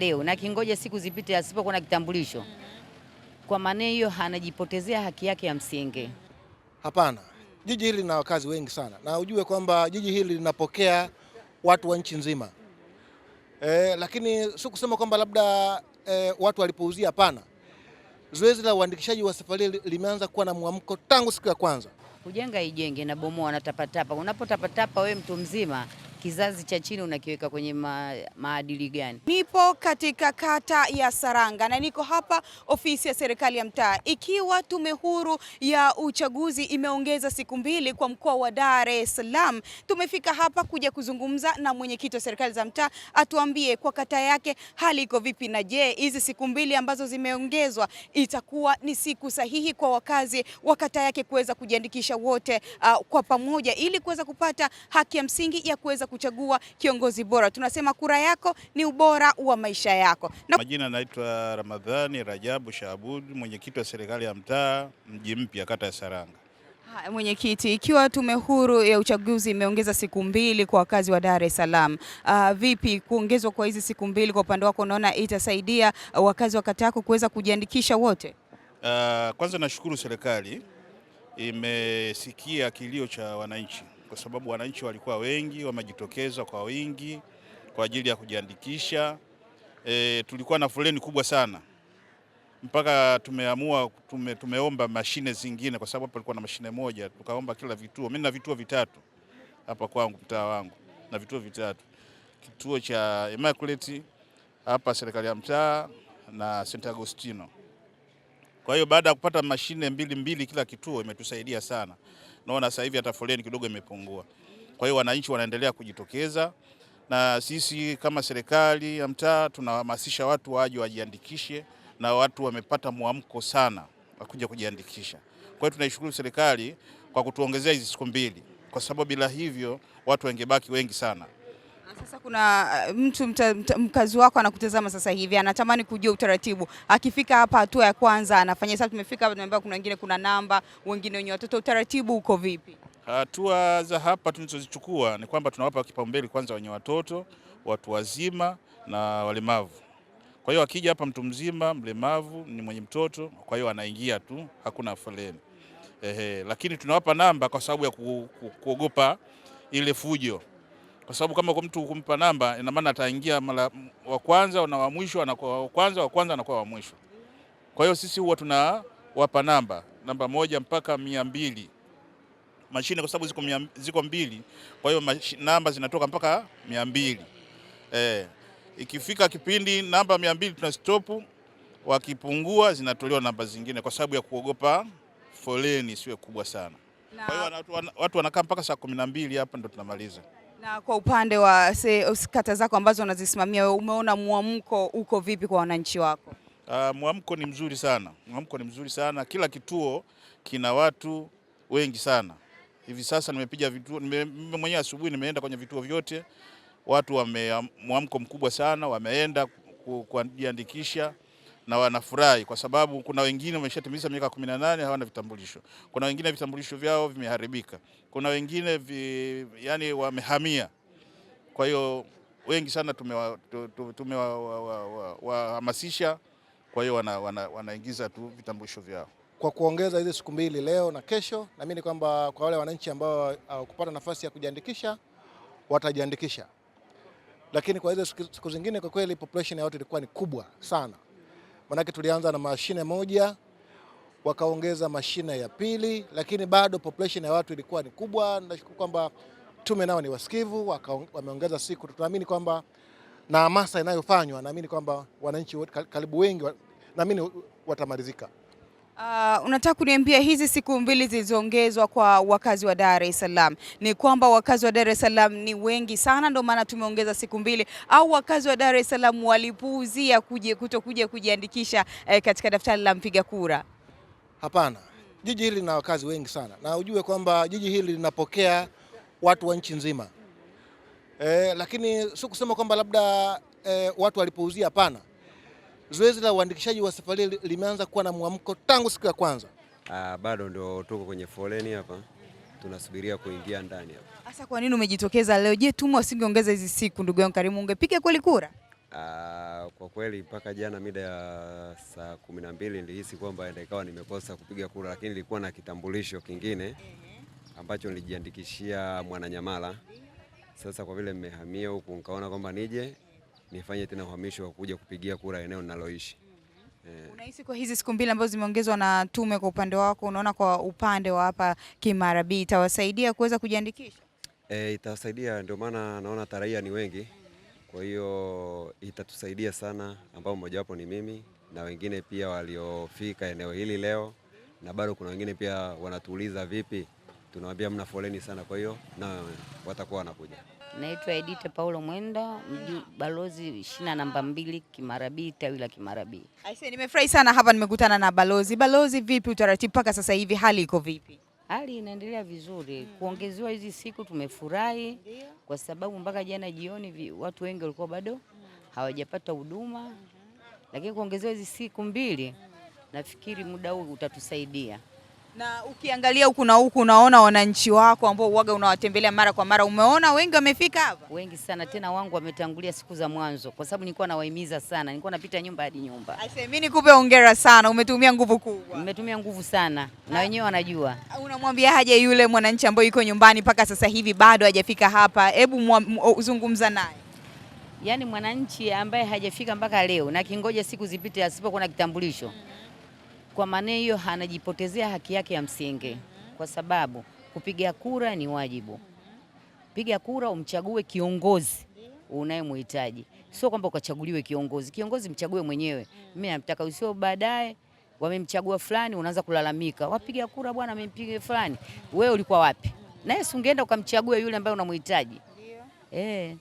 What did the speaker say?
leo na kingoja siku zipite asipokuwa na kitambulisho Kwa maana hiyo anajipotezea haki yake ya msingi. Hapana, jiji hili lina wakazi wengi sana, na ujue kwamba jiji hili linapokea watu wa nchi nzima e, lakini si kusema kwamba labda e, watu walipouzia. Hapana, zoezi la uandikishaji wa safari limeanza kuwa na mwamko tangu siku ya kwanza. Kujenga ijenge na bomoa na tapatapa. Unapotapatapa wewe mtu mzima kizazi cha chini unakiweka kwenye ma, maadili gani? Nipo katika kata ya Saranga na niko hapa ofisi ya serikali ya mtaa, ikiwa tume huru ya uchaguzi imeongeza siku mbili kwa mkoa wa Dar es Salaam. Tumefika hapa kuja kuzungumza na mwenyekiti wa serikali za mtaa atuambie kwa kata yake hali iko vipi, na je, hizi siku mbili ambazo zimeongezwa itakuwa ni siku sahihi kwa wakazi wa kata yake kuweza kujiandikisha wote uh, kwa pamoja ili kuweza kupata haki ya msingi ya kuweza kuweza kuchagua kiongozi bora. Tunasema kura yako ni ubora wa maisha yako. Na... majina naitwa Ramadhani Rajabu Shaabud, mwenyekiti wa serikali ya mtaa mji mpya kata ya Saranga. Mwenyekiti, ikiwa tume huru ya uchaguzi imeongeza siku mbili kwa wakazi wa Dar es Salaam, uh, vipi kuongezwa kwa hizi siku mbili kwa upande wako, unaona itasaidia ah, wakazi wa kata yako kuweza kujiandikisha wote? Uh, kwanza nashukuru serikali imesikia kilio cha wananchi kwa sababu wananchi walikuwa wengi, wamejitokeza kwa wingi kwa ajili ya kujiandikisha. E, tulikuwa na foleni kubwa sana mpaka tumeamua tume, tumeomba mashine zingine kwa sababu hapa palikuwa na mashine moja, tukaomba kila vituo. Mimi na vituo vitatu hapa kwangu mtaa wangu na vituo vitatu, kituo cha Immaculate hapa serikali ya mtaa na St Agostino. Kwa hiyo baada ya kupata mashine mbili mbili kila kituo, imetusaidia sana naona sasa hivi hata foleni kidogo imepungua. Kwa hiyo wananchi wanaendelea kujitokeza, na sisi kama serikali ya mtaa tunahamasisha watu waje wajiandikishe, na watu wamepata mwamko sana wakuja kujiandikisha. Kwa hiyo tunaishukuru serikali kwa kutuongezea hizi siku mbili, kwa sababu bila hivyo watu wangebaki wengi sana. Ah, sasa kuna ah, mtu mta, mta, mkazi wako anakutazama sasa hivi anatamani kujua utaratibu, akifika hapa hatua ya kwanza anafanya. Sasa tumefika hapa, kuna wengine kuna namba, wengine wenye watoto, utaratibu uko vipi? Hatua za hapa tulizozichukua ni kwamba tunawapa kipaumbele kwanza wenye watoto, watu wazima na walemavu. Kwa hiyo akija hapa mtu mzima, mlemavu ni mwenye mtoto, kwa hiyo anaingia tu, hakuna foleni. Ehe, lakini tunawapa namba kwa sababu ya ku, ku, kuogopa ile fujo kwa sababu kama kwa mtu kumpa namba, ina maana ataingia mara wa kwanza na wa mwisho anakuwa wa kwanza, wa kwanza anakuwa wa mwisho. Kwa hiyo sisi huwa tunawapa namba namba moja mpaka mia mbili mashine kwa sababu ziko, ziko mbili, kwa hiyo namba zinatoka mpaka mia mbili. E, ikifika kipindi namba mia mbili tuna stop, wakipungua zinatolewa namba zingine kwa sababu ya kuogopa foleni siwe kubwa sana. Kwa hiyo watu wanakaa mpaka saa kumi na mbili hapa ndo tunamaliza. Na kwa upande wa se, kata zako ambazo unazisimamia umeona mwamko uko vipi kwa wananchi wako? Uh, mwamko ni mzuri sana, mwamko ni mzuri sana. Kila kituo kina watu wengi sana hivi sasa. Nimepiga vituo nime, mwenyewe asubuhi nimeenda kwenye vituo vyote, watu wame mwamko mkubwa sana, wameenda kujiandikisha na wanafurahi kwa sababu kuna wengine wameshatimiza miaka 18 hawana vitambulisho, kuna wengine vitambulisho vyao vimeharibika, kuna wengine vi, yani wamehamia. Kwa hiyo wengi sana tumewahamasisha, kwa hiyo wanaingiza wana, wana tu vitambulisho vyao kwa kuongeza hizi siku mbili leo na kesho. Naamini kwamba kwa wale wananchi ambao hawakupata nafasi ya kujiandikisha watajiandikisha, lakini kwa hizo siku zingine kwa kweli population ya watu ilikuwa ni kubwa sana manake tulianza na mashine moja wakaongeza mashine ya pili, lakini bado population ya watu ilikuwa ni kubwa. Nashukuru kwamba tume nao ni wasikivu, wameongeza siku. Tunaamini kwamba na hamasa inayofanywa, naamini kwamba wananchi karibu wengi, naamini watamalizika. Uh, unataka kuniambia hizi siku mbili zilizoongezwa kwa wakazi wa Dar es Salaam ni kwamba wakazi wa Dar es Salaam ni wengi sana ndio maana tumeongeza siku mbili, au wakazi wa Dar es Salaam walipuuzia kutokuja kujiandikisha eh, katika daftari la mpiga kura? Hapana, jiji hili lina wakazi wengi sana, na ujue kwamba jiji hili linapokea watu wa nchi nzima eh, lakini si kusema kwamba labda eh, watu walipuuzia. Hapana, zoezi la uandikishaji wa safari limeanza kuwa na mwamko tangu siku ya kwanza? Aa, ah, bado ndio tuko kwenye foleni hapa tunasubiria kuingia ndani hapa. Sasa kwa nini umejitokeza leo? Je, tumwa wasingeongeza hizi siku? Ndugu yangu Karimu, ungepiga kweli kura? Ah, kwa kweli mpaka jana mida ya saa kumi na mbili nilihisi kwamba ikawa nimekosa kupiga kura, lakini nilikuwa na kitambulisho kingine ambacho nilijiandikishia Mwananyamala. Sasa kwa vile mmehamia huku, nkaona kwamba nije nifanye tena uhamisho wa kuja kupigia kura eneo ninaloishi. Yeah. Mm-hmm. Unahisi kwa hizi siku mbili ambazo zimeongezwa na tume, kwa upande wako unaona, kwa upande wa hapa Kimara B itawasaidia kuweza kujiandikisha? E, itawasaidia, ndio maana naona taraia ni wengi, mm-hmm. kwa hiyo itatusaidia sana, ambao mmojawapo ni mimi na wengine pia waliofika eneo hili leo, na bado kuna wengine pia wanatuuliza vipi, tunawaambia mna foleni sana, kwa hiyo na watakuwa wanakuja. Naitwa Edita Paulo Mwenda, balozi shina namba mbili Kimarabii, tawi la Kimarabii. Aisee, nimefurahi sana hapa nimekutana na balozi. Balozi, vipi utaratibu mpaka sasa hivi, hali iko vipi? Hali inaendelea vizuri Hmm. Kuongezewa hizi siku tumefurahi kwa sababu mpaka jana jioni watu wengi walikuwa bado hawajapata huduma -hmm. Lakini kuongezewa hizi siku mbili nafikiri muda huu utatusaidia. Na ukiangalia huku na huku unaona wananchi wako ambao uwaga unawatembelea mara kwa mara, umeona wengi wamefika hapa, wengi sana tena, wangu wametangulia siku za mwanzo, kwa sababu nilikuwa nawahimiza sana, nilikuwa napita nyumba hadi nyumba. mimi nikupe hongera sana, umetumia nguvu kubwa, umetumia nguvu sana ha. Na ah. wenyewe wanajua. Unamwambia haja yule mwananchi ambaye yuko nyumbani mpaka sasa hivi bado hajafika hapa, hebu zungumza naye Yaani mwananchi ambaye hajafika mpaka leo na kingoja siku zipite asipokuwa na kitambulisho, mm -hmm kwa maana hiyo anajipotezea haki yake ya msingi, kwa sababu kupiga kura ni wajibu. Piga kura umchague kiongozi unayemhitaji, sio kwamba ukachaguliwe kiongozi. Kiongozi mchague mwenyewe, mimi namtaka, usio baadaye wamemchagua fulani unaanza kulalamika, wapiga kura bwana amempiga fulani. Wewe ulikuwa wapi? Na Yesu ungeenda ukamchagua yule ambaye unamhitaji. Eh.